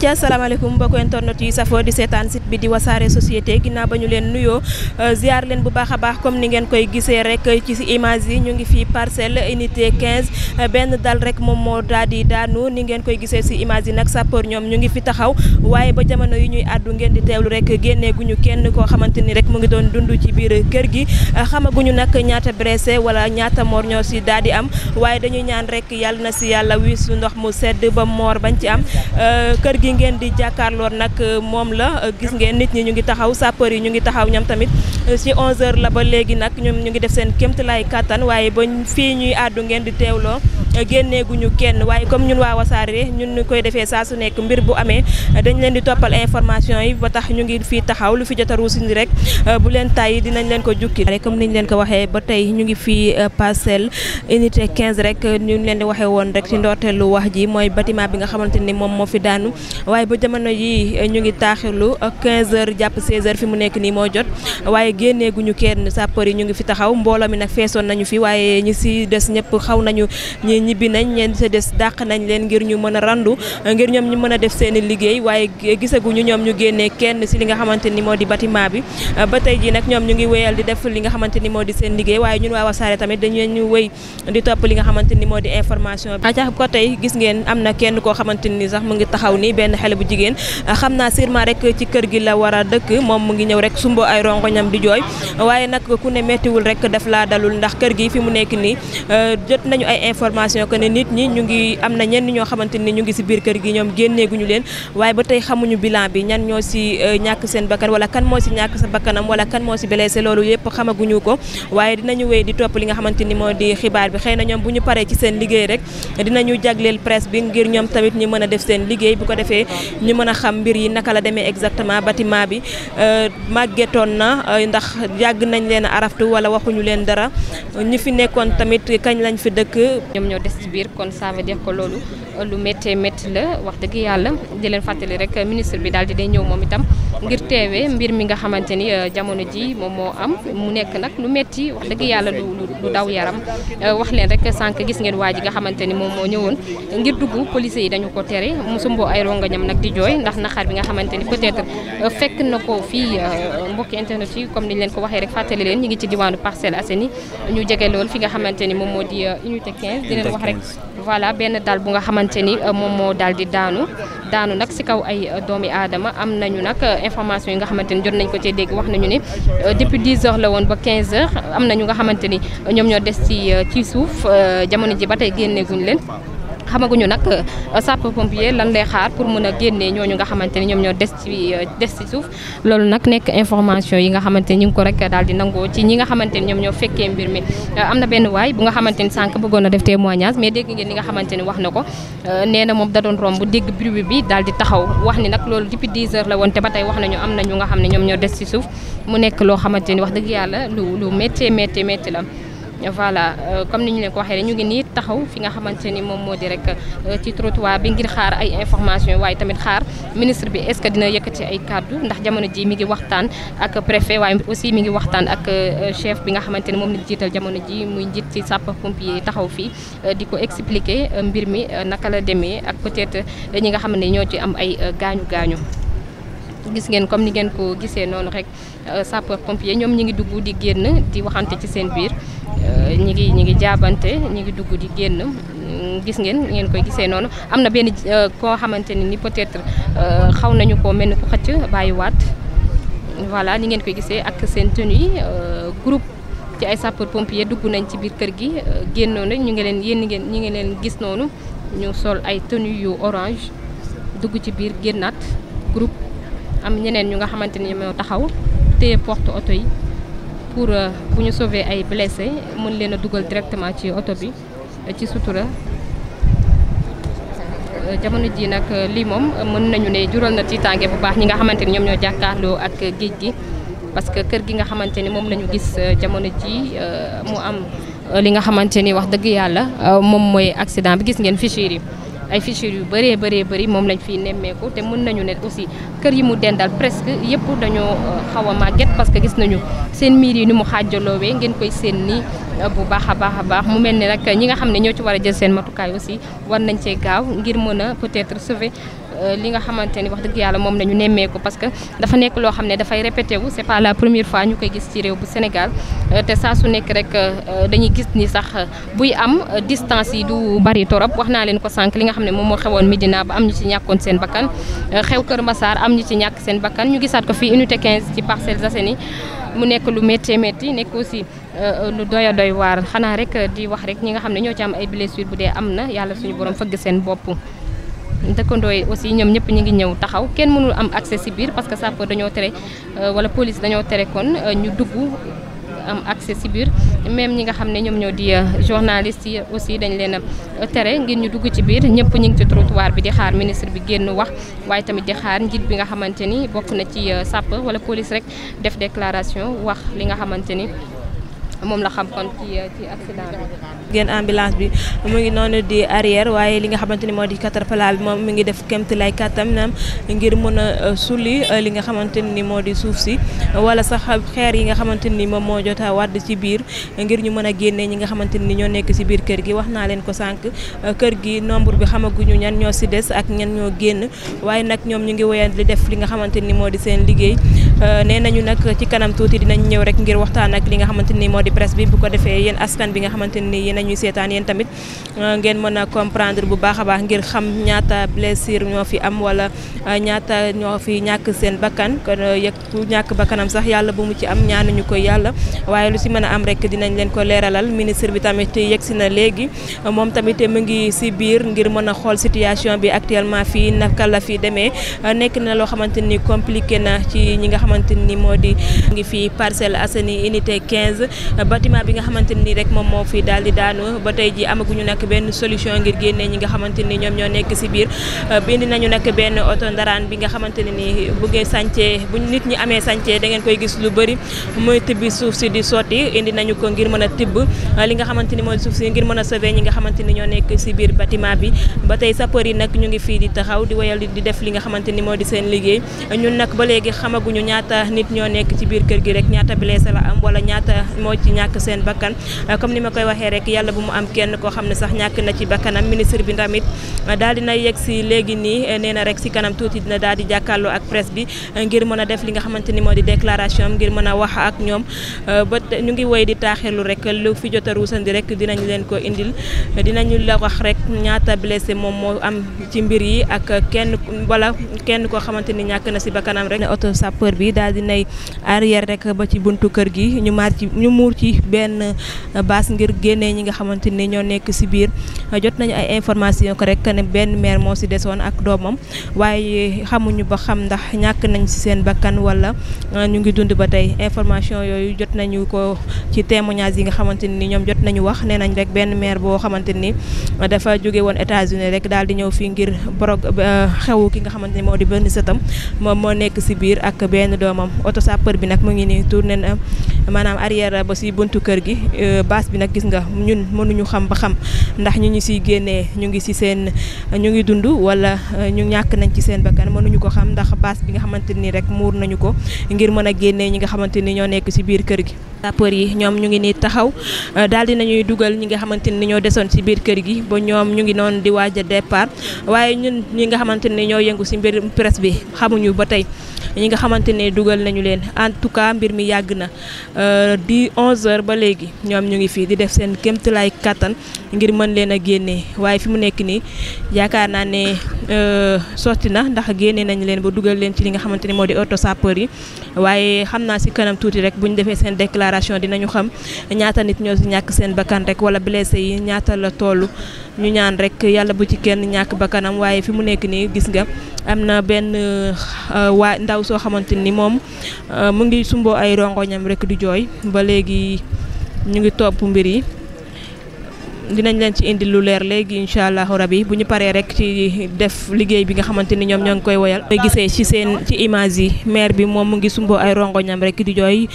ci ca salaamaaleykum mbokk internet yi safoo di seetaan sit bi di wasaare société ginnaaw ba ñu leen nuyoo euh, ziar leen bu baax a baax comme ni ngeen koy gisee rek ci image yi ñu ngi fii parcelle unité quinze euh, benn dal rek moom moo daal di daanu ni ngeen koy gisee si image yi nag sapeur ñoom ñu ngi fi taxaw waaye ba jamono yi ñuy àddu ngeen di teewlu rek génneeguñu kenn koo xamante ni rek mu ngi doon dund ci biir kër gi euh, xamaguñu nag ñaata blessé wala ñaata moor ñoo si daal di am waaye dañuy ñaan rek yàlla na si yàlla wiisu ndox mu sedd ba moor bañ ci am ji ngeen di jàkkaarloon nag euh, moom la euh, gis ngeen nit ñi ñu ngi taxaw sapeur yi ñu ngi taxaw ñam tamit ci euh, 11h la ba léegi nag ñoom ñu ngi def seen kéemtalaay kàttan waaye ba fii ñuy àddu ngeen di teew loo génneeguñu kenn waaye comme ñun waa wasaare ñun ñu koy defee saa su nekk mbir bu amee dañ leen di toppal information yi ba tax ñu ngi fii taxaw lu fi jot si ruusini rek bu leen tàyyi dinañ leen ko jukki rek comme niñ leen ko waxee ba tey ñu ngi fii parcelle unité 15 rek ñu leen di waxee woon rek ci ndorteelu wax ji mooy bâtiment bi nga xamante ni moom moo fi daanu waaye ba jamono yi eh, ñu ngi taaxirlu 15 eh, heures jàpp 16 heures fi mu nekk nii moo jot waaye génneeguñu kenn sapeur yi ñu ngi fi taxaw mbooloo mi nag feesoon nañu fii waaye ñi si des ñëpp xaw nañu ñi ñibbi nañ ñeen si des dàq nañ leen ngir ñu mën a randu eh, ngir ñoom ñu mën a def seen i liggéey waaye gisaguñu ñoom ñu génnee kenn si li nga xamante ni moo di bâtiment bi ba tey ji nag ñoom ñu ngi wéyal di def li nga xamante ni moo di seen liggéey waaye ñun waa Wassare tamit dañu ñu wéy di topp li nga xamante ni moo di information bi ko tey gis ngeen am na kenn koo xamante ni sax mu ngi taxaw ni benn xale bu jigéen xam naa sûrement rek ci kër gi la war a dëkk moom mu ngi ñëw rek sumbo ay rongoñam di jooy waaye nag ku ne méttiwul rek daf laa dalul ndax kër gi fi mu nekk nii euh, jot nañu ay information ko ne nit ñi ñu ngi am na ñenn ñoo xamante ni ñu ngi si biir kër gi ñoom génneeguñu leen waaye ba tey xamuñu bilan bi ñan ñoo si euh, ñàkk seen bakkan wala kan moo si ñàkk sa bakkanam wala kan moo si blessé loolu yëpp xamaguñu ko waaye dinañu wéy di topp li nga xamante ni moo di xibaar bi xëy na ñoom ñu paree ci seen liggéey rek dinañu jagleel presse tamit ñu mën a def seen liggéey bu ko defee jotee ñu mën a xam mbir yi naka la demee exactement batiment bi euh, màggetoon na euh, ndax yàgg nañ leen a araftu wala waxuñu leen dara ñu fi nekkoon tamit kañ lañ fi dëkk. ñoom ñoo des ci biir kon ça veut dire que loolu euh, lu méttee métti la wax dëgg yàlla di leen fàttali rek ministre bi daal di day ñëw moom itam ngir teewee mbir mi nga xamante ni jamono ji moom moo am mu nekk nag lu métti wax dëgg yàlla lu lu daw yaram wax leen rek sànq gis ngeen waa ji nga xamante ni moom moo ñëwoon bañam nag di jooy ndax naxaar bi nga xamante ni peut-être euh, fekk na ko fii euh, mbokki internet yi comme niñ leen ko waxee rek fàttali leen ñu ngi ci diwaanu Parcelles Assainies ñu jege lool fi nga xamante ni moom moo di euh, unité 15 di leen wax rek voilà benn dal bu nga xamante ni moom moo daal di daanu daanu nag si kaw ay doomi aadama am nañu nag information yi nga xamante ni jot nañ ko cee dégg wax nañu ni depuis 10 heures la woon ba 15 heures am nañu nga xamante ni ñoom ñoo des ci ci suuf jamono ji ba tey génneeguñ leen xamaguñu nag euh, sapeur pompier lan lay xaar pour mën a génnee ñooñu nga xamante ni ñoom ñoo des ci euh, des ci suuf loolu nag nekk information yi nga xamante ni ñu ngi ko rek daal di nangoo ci ñi nga xamante ni ñoom ñoo fekkee mbir mi euh, am na benn waay bu nga xamante ni sànq bëggoon na def témoignage mais dégg ngeen li nga xamante ni wax na ko nee na moom da doon romb dégg bruit bi daal di taxaw wax ni nag loolu depuis 10 heures la woon te ba tey wax nañu am na ñu nga xam ne ñoom ñoo des ci suuf mu nekk loo xamante ni wax dëgg yàlla lu lu métti métti métti la voilà euh, comme ni ñu leen ko waxee rek ñu ngi nii taxaw fi nga xamante ni moom moo di rek euh, ci trottoir bi ngir xaar ay information waaye tamit xaar ministre bi est-ce que dina yëkkati ay kàddu ndax jamono ji mi ngi waxtaan ak préfet aussi mi ngi waxtaan euh, chef bi nga xamante ni moom lañ jiital jamono ji muy njiit ci sapeur pompier taxaw fii di ko expliquer mbir mi naka la demee ak peut ñi nga xam ne ñoo ci am ay gaañu gaañu gis ngeen comme ni ngeen ko gisee noonu rek euh, sapeur pompier ñoom ñi ngi dugg di génn di waxante ci seen biir euh, ñi ngi ñi ngi jaabante ñi ngi dugg di génn mm, gis ngeen ngeen koy gisee noonu am na benn euh, koo xamante ne ni peut-être xaw nañu ko mel ni ku xëcc bàyyiwaat voilà ni ngeen koy gisee ak seen tenue yi groupe ci ay sapeur pompier dugg nañ ci biir kër gi génnoon nañ ñu ngi leen yéen ngeen ñu ngi leen gis noonu ñu sol ay tenue yu orange dugg ci biir génnaat groupe am ñeneen ñu nga xamante ni ñoo taxaw te porte oto yi pour euh, bu ñu sauver ay blessé mën leen a dugal directement ci oto bi euh, ci sutura euh, jamono ji nag lii moom mën nañu ne jural na tiitaange bu baax ñi nga xamante ni ñoom ñoo jàkkaarloo ak géej gi parce que kër gi nga xamante ni moom la ñu gis jamono ji mu am li nga xamante ni wax dëgg yàlla moom mooy accident bi gis ngeen fichier yi ay fissures yu bëree bëree bari moom lañ fiy nemmeeku te mën nañu ne aussi kër yi mu dendal presque yëpp dañoo euh, xaw a màgget parce que gis nañu seen miir yi ni mu xaajaloowee ngeen koy seen ni euh, bu baax a baax a baax mu mel ni nag ñi nga xam ne ñoo ci war a jël seen matukaay aussi war nañ cee gaaw ngir mën a peut-être sauver Euh, li nga xamante ni wax dëgg yàlla moom nañu nemmee ko parce que dafa nekk loo xam ne dafay répété wu c'est pas la première fois ñu koy gis ci réew bu Sénégal euh, te saa su nekk rek euh, dañuy gis ni sax buy am distance yi du bari torop wax naa leen ko sànq li nga xam ne moom moo xewoon Médina ba am ñu ci ñàkkoon seen bakkan xew Kër Massar am ñu ci ñàkk seen bakkan ñu gisaat ko fii unité 15 ci Parcelles Assainies mu nekk lu métti métti nekk aussi lu doy a doy waar xanaa rek di wax rek ñi nga xam ne ñoo ci am ay blessure bu dee am na yàlla suñu borom fëgg seen bopp dëkkandoo yi aussi ñoom ñëpp ñu ngi ñëw taxaw kenn mënul am accès si biir parce que sapeur dañoo tere euh, wala police dañoo tere kon euh, ñu dugg am accès si biir même ñi nga xam ne ñoom ñoo di euh, journaliste yi aussi dañ leen a tere ngir ñu dugg ci biir ñëpp ñu ngi ci trottoir bi di xaar ministre bi génn wax waaye tamit di xaar njiit bi nga xamante ni bokk na ci sapeur wala police rek def déclaration wax li nga xamante ni moom la xam kon ci ci accident bi. bi mu ngi noonu di arrière waaye li nga xamante ni moo di caterpillar bi moom mi ngi def kemt lay nam ngir mën a euh, sulli euh, li nga xamante ni moo di suuf si wala sax xeer yi nga xamante ni moom moo jot a wàdd ci biir ngir ñu mën a génne ñi nga xamante ni ñoo nekk si biir kër gi wax naa leen ko sànq euh, kër gi nombre bi xamaguñu ñan ñoo si des ak ñan ñoo génn waaye nag ñoom ñu ngi wéyal di def li nga xamante ni moo di seen liggéey. Euh, nee ñu nag ci kanam tuuti dinañ ñëw rek ngir waxtaan ak li nga xamante ni moo di presse bi bu ko defee yéen askan bi nga xamante ni yéen a ñuy seetaan yéen tamit euh, ngeen mën a comprendre bu baax a baax ngir xam ñaata blessure ñoo fi am wala euh, ñaata ñoo fi ñàkk seen bakkan kon yëg ku ñàkk bakkanam sax yàlla bu mu ci am ñaanuñu koy yàlla waaye lu si mën a am rek dinañ leen ko leeralal ministre bi tamit yegg si na léegi moom tamit mu ngi si biir ngir mën a xool situation bi actuellement fi naka la fi demee nekk na loo xamante ni compliqué na ci ñi nga xam xamante ni moo di ngi fii Parcelles Assainies unité bi nga xamante ni rek moom moo fi daal di daanu ba tey ji amaguñu nag benn solution ngir génnee ñi xamante ni ñoom ñoo nekk si biir bindi nañu nag benn oto ndaraan bi nga xamante ne ni bu ngeen sàncee bu nit ñi amee sàncee da ngeen koy gis lu bëri mooy tibbi suuf si di sotti indi nañu ko ngir mën a tibb li nga xamante ni mooy suuf si ngir mën a sauver ñi nga xamante ni ñoo nekk si biir bâtiment bi ba tey sapeur yi nag ñu ngi fii di taxaw di wayal di def li nga xamante ni moo di seen liggéey ñun nag ba léegi xamaguñu ñaata nit ñoo nekk ci biir kër gi rek ñaata koo xam ne sax ñàkk na ci bakkanam ministre bi tamit daal dina yegg si léegi nii nee na rek si kanam tuuti di jàkkaarloo ak presse bi ngir mën a def li ni moo di déclaration am ngir mën a wax ak ñoom ba ñu ngi woy di taaxeelu rek lu fi jot a ruusandi rek dinañ leen ko indil dinañu la wax rek ñaata blessé moom moo am ci mbir yi ak kenn wala kenn koo xamante ni ñàkk na si bakkanam rek ne auto sapeur bi bi di nay arrière rek ba ci buntu kër gi ñu maar ci ñu muur ci benn baas ngir génnee ñi nga xamante ni ñoo nekk si biir jot nañu ay information ko rek ne benn maire moo si desoon ak doomam waaye xamuñu ba xam ndax ñàkk nañ si seen bakkan wala euh, ñu ngi dund ba tey information yooyu jot nañu ko ci témoignage yi nga xamante ni ñoom jot nañu wax nee nañ rek benn maire boo xamante ni dafa jóge woon États-Unis rek daal di ñëw fii ngir borog euh, xew ki nga xamante ni moo di benn sëtam moom moo nekk si biir ak benn doomam oto sapeur bi nag mu ngi nii turne na maanaam arrière ba si buntu kër gi euh, baas bi nag gis nga ñun mënuñu xam ba xam ndax ñu ñu si génnee ñu ngi si seen ñu ngi dund wala euh, ñu ñàkk nañ ci seen ba bakkan mënuñu ko xam ndax baas bi nga xamante nii rek muur nañu ko ngir mën a génnee ñi nga xamante ni ñoo nekk si biir kër gi sapeur yi ñoom ñu ngi nii taxaw euh, daal di nañuy dugal ñi nga xamante ni ñoo desoon si biir kër gi ba ñoom ñu ngi noonu di waaj a waaye ñun ñi nga xamante ni ñoo yëngu si mbir presse bi xamuñu ba tey ñi nga xamante ne dugal nañu leen en tout cas mbir mi yàgg na euh, di 11h ba léegi ñoom ñu ngi fii di def seen kéemtalaay kattan ngir mën leen a génne waaye fi mu nekk nii yaakaar naa ne euh, sotti na ndax génne nañu leen ba dugal leen ci li nga xamante ne moo di auto sapeur yi waaye xam naa si kanam tuuti rek bu ñu defee seen déclaration dinañu xam ñaata nit ñoo si ñàkk seen bakkan rek wala blessé yi ñaata la toll ñu ñaan rek yàlla bu ci kenn ñàkk bakkanam waaye fi mu nekk nii gis nga moom euh, mu ngi sumboo ay rongoñam rekk di jooy ba léegi ñu ngi topp mbir yi. dinañ leen ci indi lu leer léegi incha allahu yi bu ñu paree rek ci def liggéey bi nga xamante ni ñoom ñoo ngi koy woyal koy gisee ci seen ci image yi maire bi moom mu ngi sumboo ay rongoñam rekk di jooy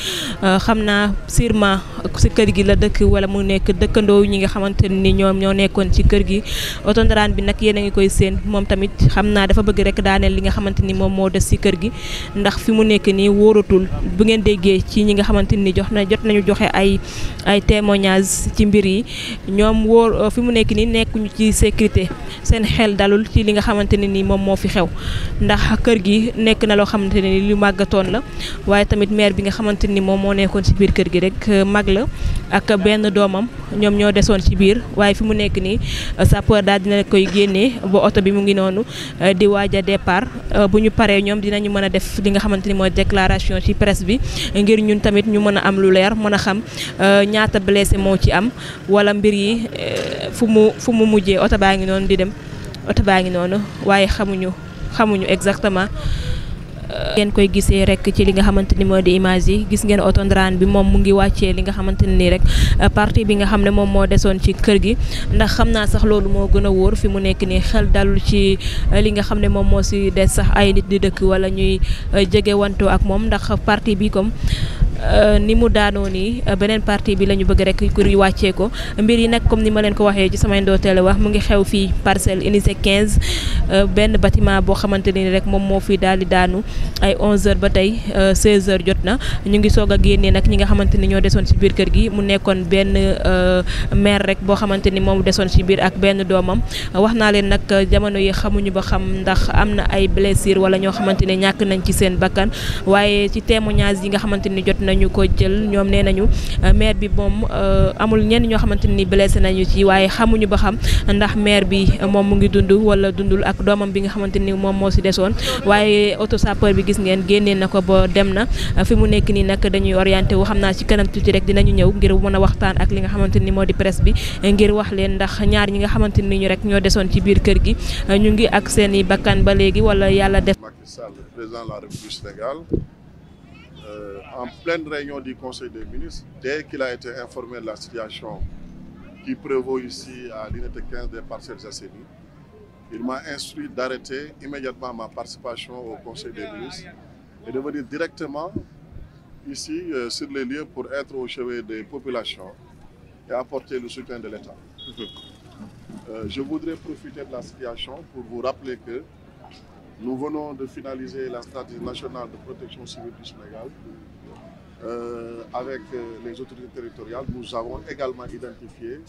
euh, xam naa sûrement si kër gi la dëkk wala mu nekk dëkkandoo ñi nga xamante ni ñoom ñoo nekkoon ci kër gi oto ndaraan bi nag yéen a ngi koy seen moom tamit xam naa dafa bëgg rek daaneel li nga xamante ni moom moo des si kër gi ndax fi mu nekk nii wóoratul bu ngeen déggee ci ñi nga xamante ni jox na jot nañu joxe ay ay témoignage ci mbir yi moom euh, fi mu nekk nii nekkuñu ci sécurité seen xel dalul ci li nga xamante ne ni moom moo fi xew ndax kër gi nekk na loo xamante ne ni lu màggatoon la waaye tamit maire bi nga xamante ni moom moo nekkoon ci biir kër gi rek euh, mag la ak benn doomam ñoom ñoo desoon ci biir waaye fi mu nekk nii euh, sapeur daal dina koy génnee ba oto bi mu ngi noonu di waaj a départ bu ñu paree ñoom dinañu mën a def li nga xamante ni mooy déclaration ci presse bi ngir ñun tamit ñu mën a am lu leer mën a xam ñaata blessé moo ci am wala mbir yi Eh, fu mu fu mu mujjee oto baa ngi noonu di dem oto baa ngi noonu waaye xamuñu xamuñu exactement. Eh, ngeen koy gisee rek ci li nga xamante ni moo di image yi gis ngeen oto ndaraan bi moom mu ngi wàccee li nga xamante ne nii rek eh, partie bi nga xam ne moom moo desoon ci kër gi ndax xam naa sax loolu moo gën a wóor fi mu nekk nii xel dalul ci li nga xam ne moom moo si des sax ay nit di dëkk wala ñuy jege wantoo ak moom ndax partie bi comme Euh, ni mu daanoo nii euh, beneen parti bi la ñu bëgg rek kur yu wàccee ko mbir yi nag comme ni ma leen ko waxee ci samay ndoorteel wax mu ngi xew fii parcelle unité 15 benn batiment boo xamante ni rek moom moo fi daal di daanu ay 11h ba tey 16h euh, jot na ñu ngi soog a génnee nag ñi nga xamante ni ñoo desoon ci biir kër gi mu nekkoon benn maire rek boo xamante ni moom desoon ci biir ak benn doomam wax naa leen nag jamono yi xamuñu ba xam ndax am na ay blessure wala ñoo xamante ne ñàkk nañ ci seen bakkan waaye ci nañu ko jël ñoom nee nañu euh, maire bi moom euh, amul ñenn ñoo xamante ni blessé nañu ci waaye xamuñu ba xam ndax maire bi euh, moom mu ngi dund wala dundul ak doomam bi nga xamante ni moom moo si desoon waaye oto sapeur bi gis ngeen génnee na ko ba dem na fi mu nekk nii nag dañuy orienté wu xam naa ci kanam tuuti rek dinañu ñëw ngir mën a waxtaan ak li nga xamante ni moo di presse bi ngir wax leen ndax ñaar ñi nga xamante ni ñu rek ñoo desoon ci biir kër gi ñu ngi ak seeni bakkan ba léegi wala yàlla def euh, en pleine réunion du Conseil des ministres, dès qu'il a été informé de la situation qui prévaut ici à l'unité 15 des parcelles assainies, il m'a instruit d'arrêter immédiatement ma participation au Conseil des ministres et de venir directement ici euh, sur les lieux pour être au chevet des populations et apporter le soutien de l'État. Mhm. Euh, je voudrais profiter de la situation pour vous rappeler Nous venons de finaliser la stratégie nationale de protection civile du Sénégal. Euh, avec euh, les autorités territoriales, nous avons également identifié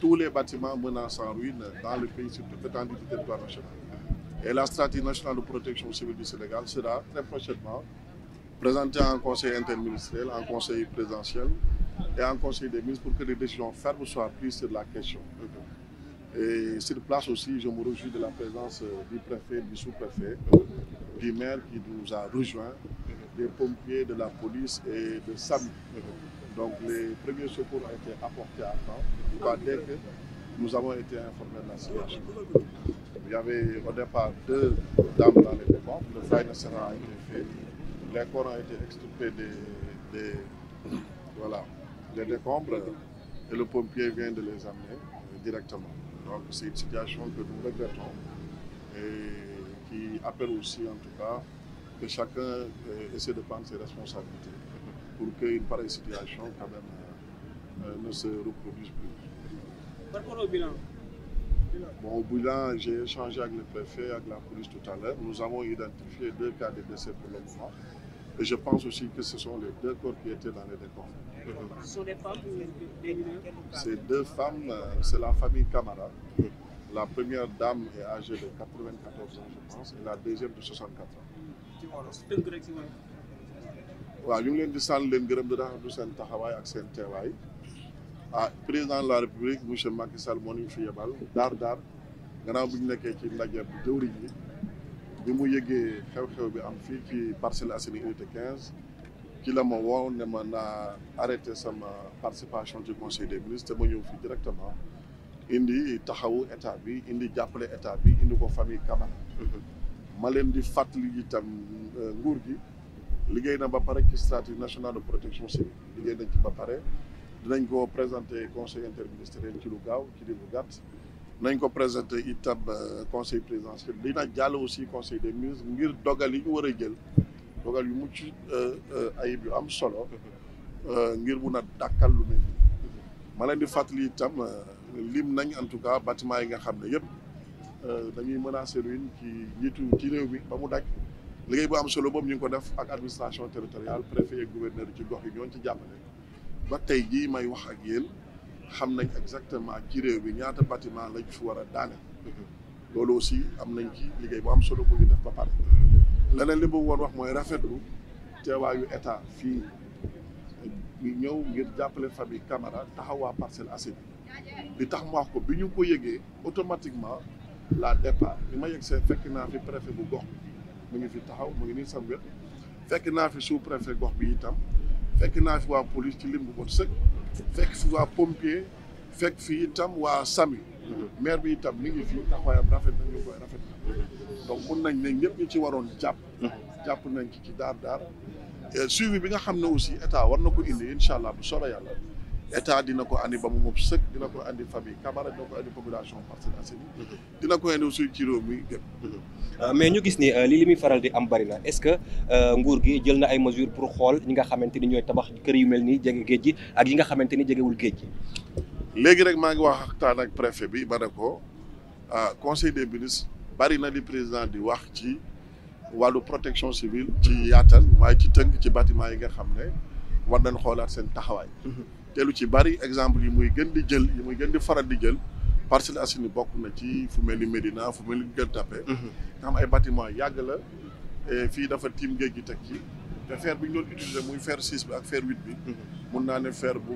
tous les bâtiments menaçant ruine dans le pays sur toute l'étendue territoire national. Et la stratégie nationale de protection civile du Sénégal sera très prochainement présentée en conseil interministériel, en conseil présidentiel et en conseil des ministres pour que des décisions fermes soient prises sur la question. Et aussi, je me réjouis de la présence euh, du préfet, du sous-préfet, euh, du maire qui nous a rejoints, des pompiers, de la police et de SAMU. Donc les premiers secours ont été apportés à temps, dès nous avons été informés dans les décombres, le faille national a été fait, les corps ont été extirpés des décombres euh, et le pompier vient de les amener directement. Donc c'est une situation que nous regrettons et qui appelle aussi en tout cas que chacun eh, essaie de prendre ses responsabilités pour qu'une pareille situation quand même eh, eh, ne se reproduise plus. Par rapport au bilan Bon, au bilan, j'ai échangé avec le préfet, avec la police tout à l'heure. Nous avons identifié deux cas de décès pour le moment. Et je pense aussi que ce sont les deux corps qui étaient dans les décombres. Ces deux femmes, euh, c'est la famille Camara. La première dame est âgée de 94 ans, je pense, et la deuxième de 64 ans. waaw ñu ngi leen di sant leen gërëm di rafetlu seen taxawaay ak seen teewaay ah président de la république monsieur Macky Sall moo ñu fi yebal daar daar gannaaw bu ñu nekkee ci ndaje bu jëwriñ yi bi mu yëgee xew-xew bi am fii ci Parcelles Assainies unité quinze ci la ma woo ne ma naa arrêté sama participation ci conseil des ministres te ma ñëw fii directement indi taxawu état bi indi jàppale état bi indi ko famille Camara mm-hmm. ma leen di fàttali itam euh, nguur gi liggéey na ba pare ci stratégie nationale de protection civile liggéey nañ ci ba pare dinañ ko présenter conseil interministériel ci lu gaaw ci li lu gàtt nañ ko présenté itam euh, conseil présidentiel na jàll aussi conseil des ministres ngir dogal yi ñu war a jël dogal yu mucc euh, euh, ayib yu am solo ngir mun a dàkkal lu mel ma leen di fàttali itam lim nañ en tout cas bâtiment yi nga xam ne yëpp dañuy menacer ruine ci njiitu ci réew mi ba mu daj liggéey bu am solo boobu ñu ngi ko def ak administration territoriale préfet et ci gox yi ñooñ ci jàppale ba tey jii may wax ak yéen xam nañ exactement ci réew bi ñaata batiment lañ fi war a daane mhm. loolu aussi am nañ ci liggéey boo am solo bu ñu def ba pare mhm. leneen li boobu woon wax mooy rafetlu teewaayu état fii ñu ñëw ngir jàppale famille Camara taxawaa Parcelles Assainies li tax mu wax ko bi ñu ko yëgee automatiquement la départ li ma yëg see fekk naa fi préfet bu gox mu ngi fi taxaw mu ngi nii sam wet fekk naa fi sous préfet gox bi itam fekk naa fi waa police ci lim bu bon sëkk fekk fi waa pompier fekk fi itam waa sami maire bi itam mi ngi fi taxawaayam rafet na ñu koy rafet na donc mun nañ ne ñëpp ñu ci waroon jàpp. jàpp nañ ci ci daar daar. suivi bi nga xam ne aussi état war na ko indi incha allah bu soobee yàlla. état dina ko andi ba mu moom sëkk dina ko andi famille Camara dina ko andi population Parcelles Assainies dina ko andi aussi ci réew mi euh, mais ñu gis ni euh, lii li muy faral di am bari na est-ce que euh, nguur gi jël na ay mesures pour xool ñi nga xamante ni ñooy tabax kër yu mel nii jege géej gi ak yi nga xamante ni jegewul géej gi léegi rek maa ngi waxtaan ak préfé bi ma ne ko conseil des ministres bari na li président di wax ci wàllu protection civile ci yaatal waaye ci tënk ci batiment yi nga xam ne war nañ xoolaat taxawaay mhm. te ci bari exemple yi muy gën di jël yi muy gën di faral di jël Parcelles Assainies bokk na ci fu mel ni Médina fu mel ni Gueule Tapée mhm. nga xam ay bâtiment yàgg la fii dafa tiim géej gi teg ci te fer bi ñu utiliser muy fer six bi ak fer huit bi mhm. mun naa ne fer bu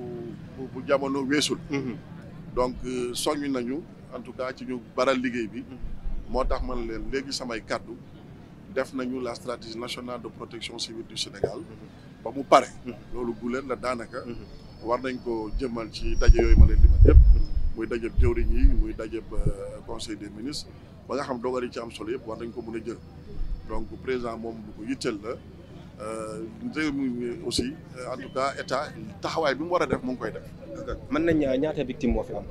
bu jamono weesul mhm. donc euh, soññ nañu en tout cas ci ñu baral liggéey bi moo tax man leen léegi samay kàddu def nañu la stratégie nationale de protection civile du Sénégal ba mu pare loolu guleen la daanaka war nañ ko jëmal ci daje yooyu ma leen limal yëpp muy dajëb jëwriñ yi muy dajëb conseil des ministres ba nga xam dogal yi ci am solo yëpp war nañ ko mën a jël donc président moom lu ko yitteel la euh, réew mi aussi en tout cas état taxawaay bi mu war a def mu ngi koy def. mën nañ ñaata victime moo fi am.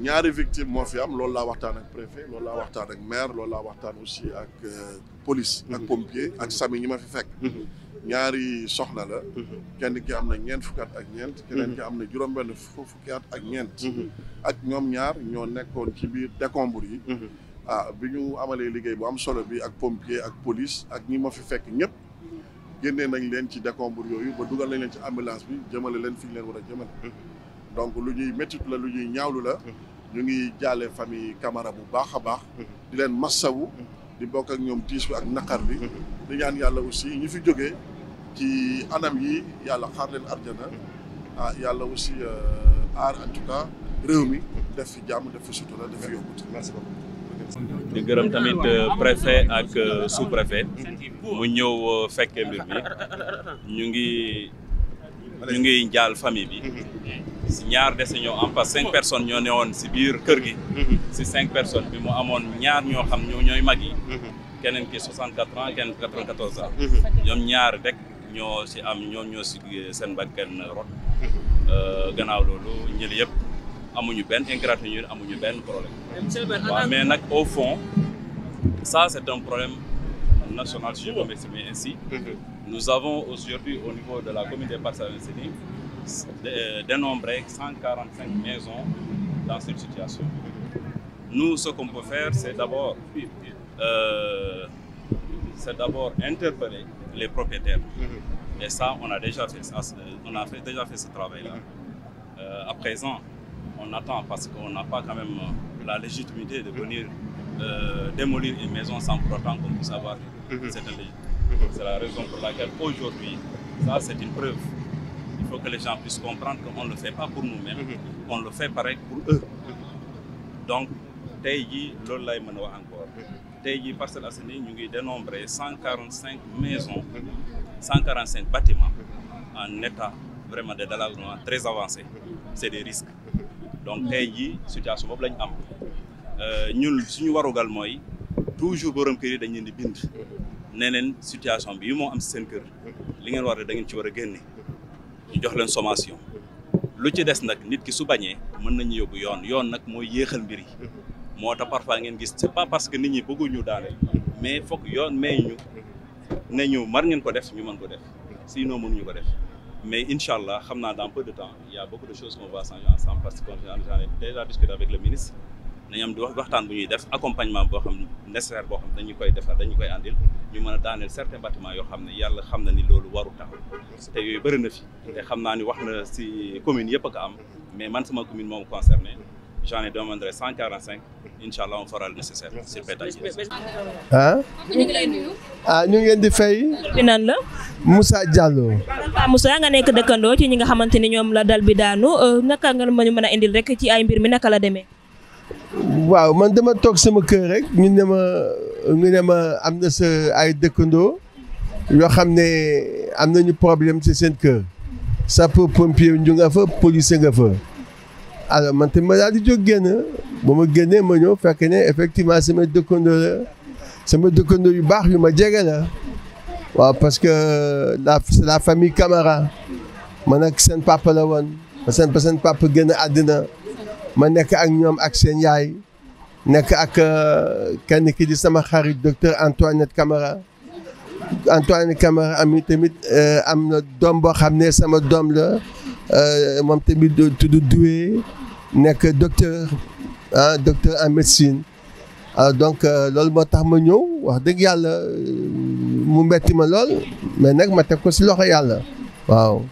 ñaari victime moo fi am loolu laa waxtaan ak préfet lool la waxtaan ak maire loolu laa waxtaan aussi ak euh, police. ak pompier ak sami ñi ma fi fekk. Mm-hmm. ñaari soxna la mhm. kenn ki am na ñeent fukki at ak ñeent keneen ki mhm. am na juróom-benn fukki at ak ñeent mhm. ak ñoom ñaar ñoo nekkoon ci biir décombres yi ah, bi ñu amalee liggéey bu am solo bi ak pompier ak police ak ñii ma fi fekk ñëpp génnee nañ leen ci décombres yooyu ba dugal nañ leen ci ambulance bi jëmale leen fi ñu leen war a jëmale donc lu ñuy méttit la lu ñuy ñaawlu la ñu ngi jaale famille kamara bu baax a baax di leen massawu di bokk ak ñoom tiis bi ak naqar bi di ñaan yàlla aussi ñi fi jógee ci anam yi yàlla xaar leen arjana ah yàlla aussi euh, aar en réew mi def fi jàmm def fi sutura def fi yokkute merci di gërëm tamit euh, préfet ak euh, sous-préfet. mu ñëw fekkee mbir bi ñu ngi ñu ngi jaal famille bi. si ñaar dese ñoo am parce cinq personnes ñoo neewoon si biir kër gi. si cinq personnes bi mu amoon ñaar ñoo xam ñoo ñooy mag yi. Mhm. keneen ki 64 ans keneen 94 ans. Mhm. ñoom ñaar rek. ñoo si am ñoom ñoo si seen bakkan rot mhm. euh, gannaaw loolu ñëli yëpp amuñu benn ingratitude amuñu benn problème mais nag au fond ça c'est un problème national si je peux m'exprimer ainsi mhm. nous avons aujourd'hui au niveau de la commune des Parcelles Assainies euh, dénombré 145 maisons dans cette situation nous ce qu'on peut faire c'est d'abord euh, c'est d'abord interpeller les propriétaires. Mhm. Et ça, on déjà fait, ce travail-là. Mhm. Euh, à présent, on attend parce qu'on n'a pas quand même euh, la légitimité de mhm. venir euh, démolir une maison sans pour autant qu'on puisse avoir C'est la raison pour laquelle aujourd'hui, c'est une preuve. Il faut que les gens puissent comprendre qu'on ne le fait pas pour nous-mêmes, on le fait pareil pour eux. Donc, Taïgi, l'Olaï encore. tey jii Parcelles Assainies ñu ngi dénombré cent quarante cinq maisons cent quarante cinq bâtiments en état vraiment de délabrement très avancé c'est des risques donc tey jii situation boobu lañu ñu am euh, ñun suñu warugal mooy toujours borom kër dañ leen di bind ne leen situation bi moo am si seen kër li ngeen war da ngeen ci war a génne ñu jox leen sommation lu ci des nag nit ki su bañee mën nañu yóbbu yoon yoon nag mooy yéexal mbir moo tax parfois ngeen gis c'est pas parce que nit ñi bëgguñu daaneel mais foog yoon may ñu ne ñu mar ngeen ko def ñu man ko def si noo sinon ñu ko def mais incha allah xam naa dans peu de temps il y de choses qu'on va changer ensemble parce que j'en ai déjà discuté avec le ministre nañ am di waxtaan bu ñuy def accompagnement boo xam ne nécessaire boo xam ne dañu koy defar dañu koy àndil ñu mën a daaneel certains bâtiments yoo xam ne yàlla xam na ni loolu waru tax bëri na fi xam naa ni wax na si commune yëpp am mais man sama commune moom concerné j'en ai demandé 145 incha allah on fera le nécessaire sur pétage ah. ñu ngi di fay. di nan la. Moussa Diallo. waaw nga nekk dëkkandoo ci ñi nga xamante ni ñoom la dal bi daanu euh, naka nga ma ñu mën a indil rek ci ay mbir mi naka la demee. waaw man dama toog sama kër rek ñu ne ma ñu ne ma am na sa ay dëkkandoo yoo xam ne am nañu problème ci seen kër sapeur pompier ñu nga fa police nga fa. alors man tamit ma daal di jóg génn ba ma génnee ma ñëw fekk ne effectivement sama dëkkandoo sama dëkkandoo yu baax yu ma jege la waaw parce que euh, la la famille Camara ma ak seen papa la woon seen seen papa génn àddina ma nekk ak ñoom ak seen yaay nekk ak euh, kenn ki di sama xarit docteur Antoinette Camara Antoinette Camara am tamit euh, am na doom boo xam ne sama doom la. Euh, moom tamit tudd Doué nekk docteur ah docteur en médecine ah, donc euh, loolu moo tax ma ñëw wax dëgg yàlla euh, mu mbetti ma lool mais nag ma teg ko ci loxo yàlla waaw.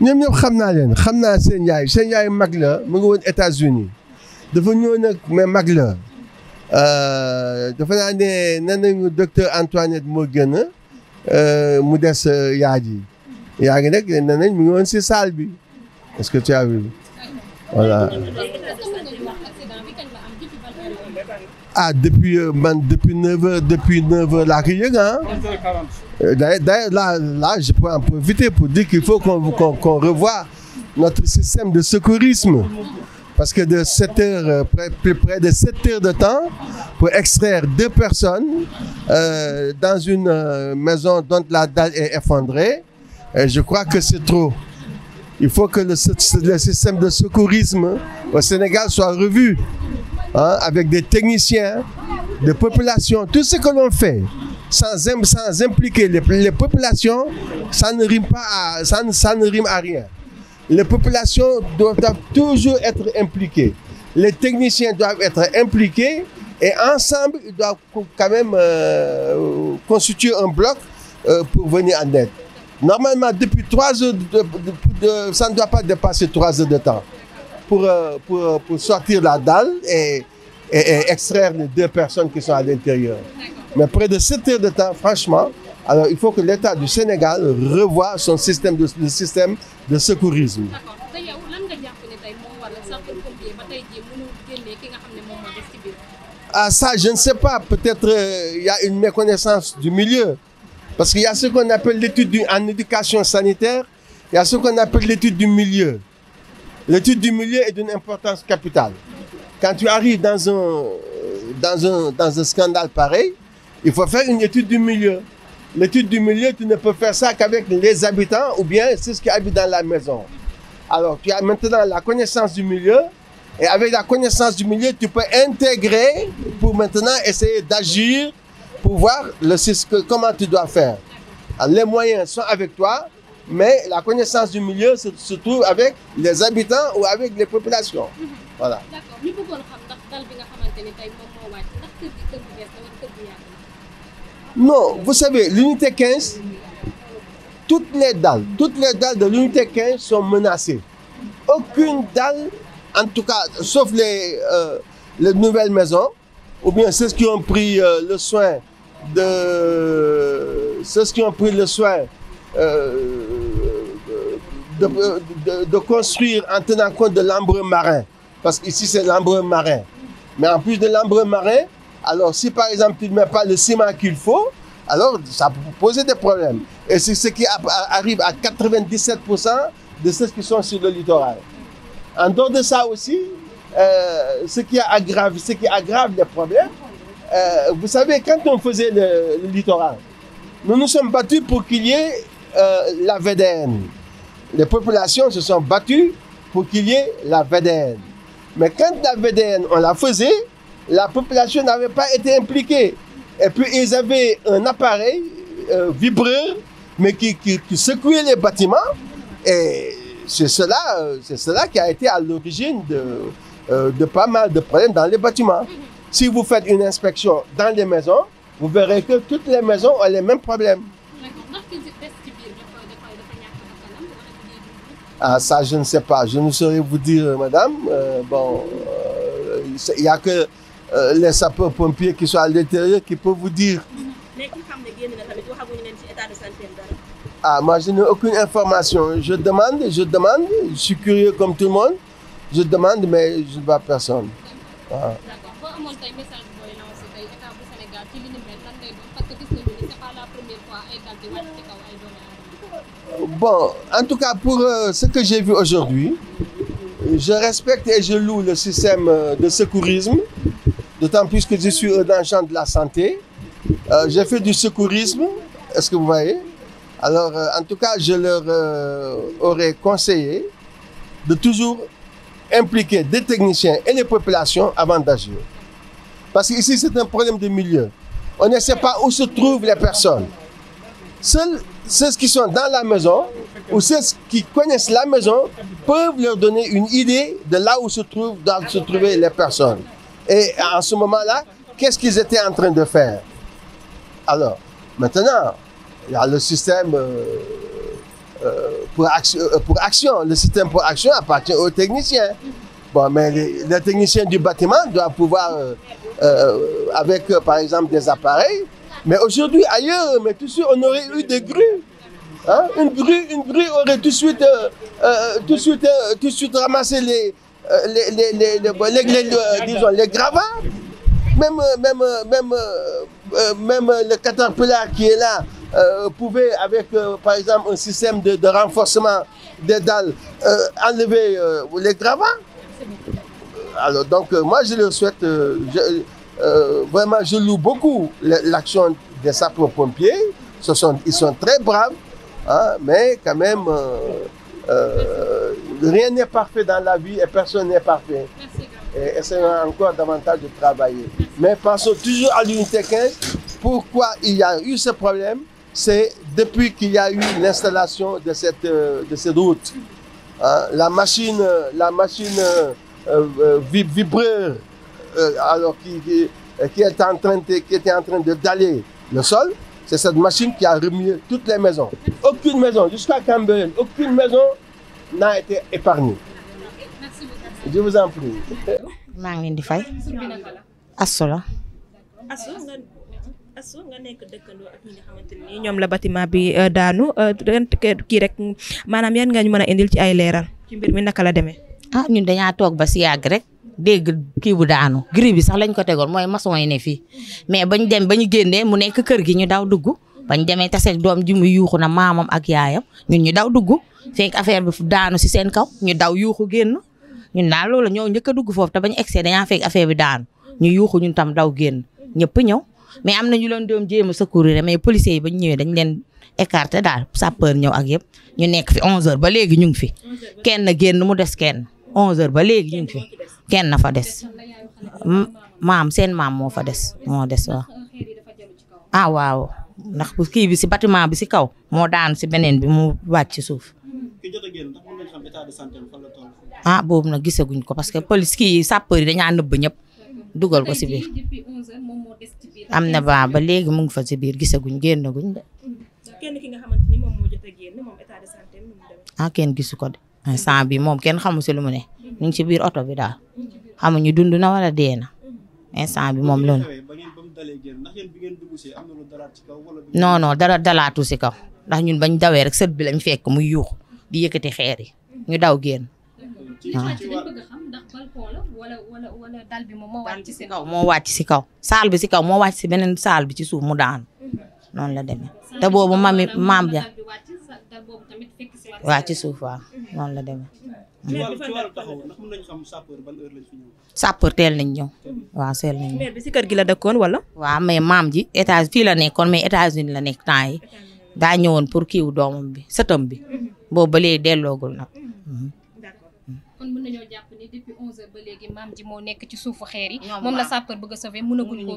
ñoom xam naa leen xam naa seen yaay seen yaay mag la mu ngi woon États-Unis dafa ñëw nag mais mag la. Euh, dafa naa ne nee nañu docteur Antoinette moo gën a euh, mu des euh, yaay ji yaa ngi nag nee nañ mu ngi woon si salle bi est-ce que tu as vu voilà. ah depuis man depuis neuf heures depuis neuf heures laa ko yëg ah. d'ailleurs d'ailleurs là là je peux en profiter pour dire qu'il faut qu'on qu'on qu'on revoie notre système de secourisme. Parce que de 7 heures, euh, près, plus près de 7 heures de temps pour extraire deux personnes euh, dans une euh, maison dont la dalle est effondrée, Et euh, je crois que c'est trop. Il faut que le, le, système de secourisme au Sénégal soit revu hein, avec des techniciens, des populations, tout ce que l'on fait. Sans, sans, impliquer les, les, populations, ça ne rime pas à, ça, ça ne rime à rien. Les populations doivent, doivent toujours être impliquées. Les techniciens doivent être impliqués et ensemble, ils doivent quand même euh, constituer un bloc euh, pour venir en aide. Normalement, depuis trois heures, de, de, de, ça ne doit de temps pour, euh, pour, pour, sortir la dalle et, et, et extraire les deux personnes qui sont à l'intérieur. Mais près de sept heures de temps, franchement, Alors, il faut que l'État du Sénégal revoie son système de, le système de secourisme. Ah ça, je ne sais pas. Peut-être il euh, y a une méconnaissance du milieu. Parce qu'il y a ce qu'on appelle l'étude en éducation sanitaire, il y a ce qu'on appelle l'étude du milieu. L'étude du milieu est d'une importance capitale. Quand tu arrives dans un, euh, dans, un, dans un scandale pareil, il faut faire une étude du milieu. L'étude du milieu, tu ne peux faire ça qu'avec les habitants ou bien ceux qui habitent dans la maison. Alors, tu as maintenant la connaissance du milieu. Et avec la connaissance du milieu, tu peux intégrer pour maintenant essayer d'agir pour voir le, comment tu dois faire. Alors, les moyens sont avec toi, mais la connaissance du milieu se, trouve avec les habitants ou avec les populations. Voilà. Non, vous savez, l'unité 15, toutes les dalles, toutes les dalles de l'unité 15 sont menacées. Aucune dalle, en tout cas, sauf les, euh, les nouvelles maisons, ou bien ceux qui ont euh, le soin de ceux qui ont pris le soin euh, de, de, de, construire en tenant compte de l'ambre marin. Parce qu'ici, c'est l'ambre marin. Mais en plus de l'ambre marin, Alors, si par exemple, tu ne mets pas le ciment qu'il faut, alors des problèmes. Et c'est ce qui arrive à 97% de ceux qui sont sur le littoral. En dehors de ça aussi, euh, ce, qui aggrave, ce euh, pour qu'il y ait euh, la VDN. Les populations se sont battues Mais quand on la faisait, la population n'avait pas été impliquée. Et puis ils avaient un appareil euh, vibreur, mais qui, qui, qui, secouait les bâtiments. Et c'est cela, euh, c'est cela qui a été à l'origine de, euh, de pas mal de problèmes dans les bâtiments. Si vous faites une inspection dans les maisons, vous verrez que toutes les maisons ont les mêmes problèmes. Ah, ça, je ne sais pas. Je ne saurais vous dire, madame. Euh, bon, euh, il n'y a que Euh, les sapeurs pompiers qui sont à l'intérieur qui peuvent vous dire. Ah, je n'ai aucune information je demande je demande suis curieux comme tout le monde je demande mais je ne vois personne en tout cas pour euh, ce que j'ai vu aujourd'hui je respecte et je loue le système euh, de secourisme D'autant plus que je suis dans le champ de la santé. Euh, j'ai fait du secourisme, est-ce que vous voyez Alors, euh, en tout cas, je leur euh, aurais conseillé de toujours impliquer des techniciens et les populations avant d'agir. Parce qu'ici, c'est un problème de milieu. On ne sait pas où se trouvent les personnes. ceux qui sont dans la maison ou ceux qui connaissent la maison peuvent leur donner une idée de là où se trouvent, doivent se les personnes. Et en ce moment-là, qu'est-ce qu'ils étaient en train de faire Alors, maintenant, il y a le système euh, euh pour, action, euh, pour action. Le système pour action appartient aux techniciens. Bon, mais les, les techniciens du bâtiment doivent pouvoir, euh, euh, avec euh, par exemple des appareils, mais aujourd'hui ailleurs, mais tout de suite, on aurait eu des grues. Hein? Une grue, une grue aurait tout de suite, tout de suite, tout de suite ramassé les, les les euh, même euh, même euh, même même le caterpillar qui est là pouvait avec par exemple un système de renforcement des dalles enlever les gravats alors donc moi je le souhaite je vraiment je loue beaucoup l'action des sapeurs ils sont très braves mais quand même rien n'est parfait dans la vie et personne n'est parfait. Merci. Et essayons encore davantage de travailler. Merci. Mais pensons toujours à l'unité 15. Pourquoi il y a eu ce problème C'est depuis qu'il y a eu l'installation de cette, euh, de cette route. Hein? La machine, la machine euh, euh, vibreur, euh, alors qui, qui, qui, était en train de, qui était en train de daller le sol, c'est cette machine qui a remué toutes les maisons. Aucune maison, jusqu'à Campbell, aucune maison n'a été épargné. maa ngi leen di fay. Asso la. nga nekk dëkkandoo ak ñi nga xamante ni ñoom la bâtiment bi euh, daanu euh, kii rek maanaam yan nga ñu mën a indil ci ay leeral. ci mbir mi naka la demee. ah ñun dañaa toog ba si yàgg rek. dégg kii bu daanu. gris bi sax lañ ko tegoon mooy maçon yi ne fii mais bañ dem ba ñu génnee mu nekk kër gi ñu daw dugg. bañ demee taseeg doom ji mu yuuxu na maamam ak yaayam ñun ñu daw dugg fekk affaire bi daanu si seen kaw ñu daw yuuxu génn ñun daal loolu ñoo njëkk a dugg foofu te bañ egsee dañaa fekk affaire bi daanu ñu yuuxu ñun tam daw génn ñëpp ñëw mais am na ñu leen doom jéem a secourir mais policiers yi bañ ñëwee dañ leen écarté daal sapeur ñëw ak yëpp ñu nekk fi 11h ba léegi ñu ngi fi kenn génn mu des kenn 11h ba léegi ñu ngi fi kenn na fa des maam seen maam moo fa des moo ah, ndax bu kii bi si bâtiment bi si kaw moo daan si beneen bi mu wàcc ci suuf. ki ah boobu nag gisaguñ ko parce que police kii sapeur yi dañaa nëbb ñëpp. dugal ko si biir am na ba ba léegi mu ngi fa si biir gisaguñ génnaguñ de. kenn a génn de ah kenn gisu ko de instant bi moom kenn xamu si lu mu ne. ñu ngi si biir oto bi daal xamuñu dund na wala dee na instant bi moom loolu. dalee génn kaw dara dalaatu si kaw ndax ñun bañ dawee rek sët bi lañ fekk muy yuux di yëkkati xeer yi ñu daw génn. ci moo wàcc si kaw saal bi si kaw moo wàcc si beneen saal bi ci suuf mu daan noonu la deme te boobu mami maam ja waa ci suuf waaw noonu la demee maire bi lañ ñëw. sapeur teel nañ ñëw waaw teel nañ ñëw. si kër gi la dëkkoon wala. waa mais maam ji état fii la nekkoon mais États-Unis la nekk temps yi daa ñëwoon pour kiiw doomam bi sëtam bi mhm. boobu delloogul nag. Mhm. Mhm. moo nekk ci suufu xeer yi. moom a sauver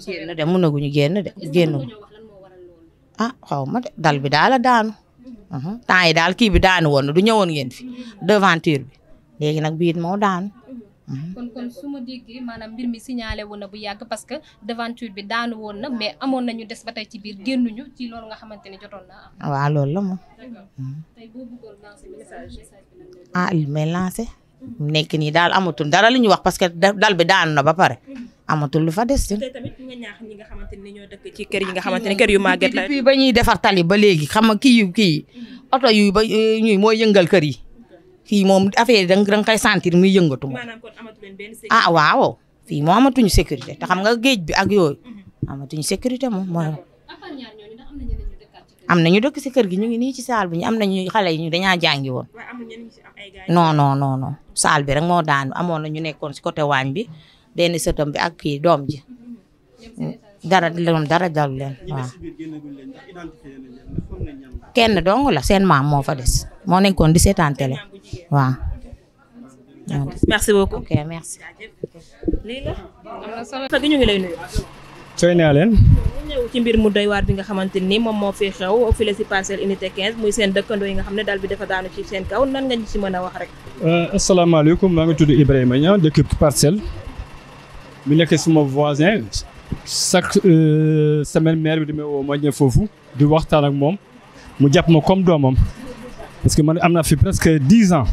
génn de mënaguñu génn de génn. ah xaw ma de dal bi daal a daanu. temps yi daal kii bi daanu woon du ñëwoon ngeen fii devanture bi léegi nag biit moo daan mm-hmm. kon su ma déggee maanaam mbir mi signalé woon na bu yàgg parce que devanture bi daanu woon na mais amoon nañu des ba tey ci biir ñu ci loolu nga xamante ne jotoon naa am. waaw loolu la moom. Mm-hmm. ah il may lancé. nekk nii daal amatul dara li ñu wax parce que dal bi daanu na ba pare. amatul lu fa des ci. tey tamit nga ñaax ñi nga xamante ne ñoo ci kër yi nga xamante ne ah, kër yu màgget la. depuis ba ñuy defartali ba léegi xam nga kii yu kii oto yu ba eh, ñuy mooy yëngal kër yi. fii moom affaire yi da nga koy muy yëngatu moom. ah waaw fii moom amatuñu sécurité te xam nga géej bi ak yooyu. Mhm. amatuñu sécurité moom mooy. am na ñu dëkk si kër gi ñu ngi nii ci saal bi ñu am nañu xale yi ñu dañaa jàngi woon. non noo non non saal bi rek moo daanu amoon na ñu nekkoon si côté waañ bi benn sëtam bi ak kii doom ji. Mhm. dara loom dara dalu leen waaw kenn dong la seen maam moo fa des moo nekkoon di seetaan télé waaw. merci beaucoup ok merci. lii la am na ñu ngi lay nuyu. sooy leen. ci mbir mu doy waar bi nga xamante ni moom moo fi xew file si parcelle unité 15 muy seen dëkkandoo yi nga xam ne daal bi dafa daanu ci seen kaw nan nga ñu si mën a wax rek. Euh, asalaamaaleykum maa ngi tudd Ibrahima Niang dëkk parcelle. mi nekk suma voisin. chaque euh, semaine maire bi di ma woo ma ñëw foofu di waxtaan ak moom mu jàpp ma comme doomam parce que ma man am na fi presque dix ans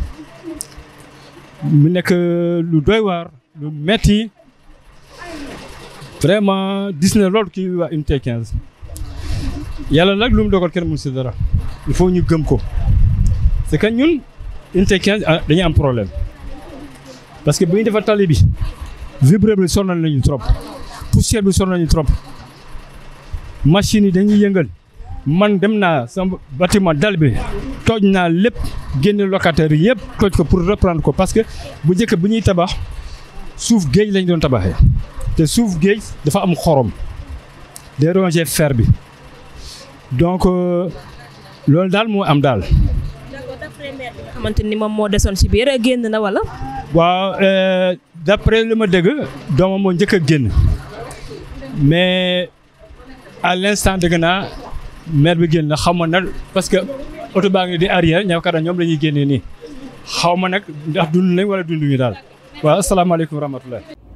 mu nekk euh, lu doy waar lu metti vraiment dis na loolu kii wax unité yàlla nag lu mu dogal kenn mënu si dara il faut ñu gëm ko c'est que ñun unité 15 ah, dañuy am problème parce que bu ñu defar tali bi vibre bi sonal nañu trop. poussière bi sonal nañu trop machine yi dañuy yëngal man dem naa sama batiment dal bi tooj naa lépp génne locataire yi yëpp tooj ko pour reprendre ko parce que bu njëkk bu ñuy tabax suuf géej lañ doon tabaxee te suuf géej dafa am xorom day ronger fer bi donc euh, loolu daal moo am daal. nga ni moom moo desoon si biir génn na wala. waaw euh, d'après li ma dégg doomam moo njëkk a génn. mais à l'instant dëgg naa maire bi génn na xaw ma nag parce que oto baa ngi di arrière ñaaw kat ñoom la ñuy génnee nii xaw ma nag ndax dund lañ wala dunduñu daal waaw asalaamaaleykum wa rahmatulah.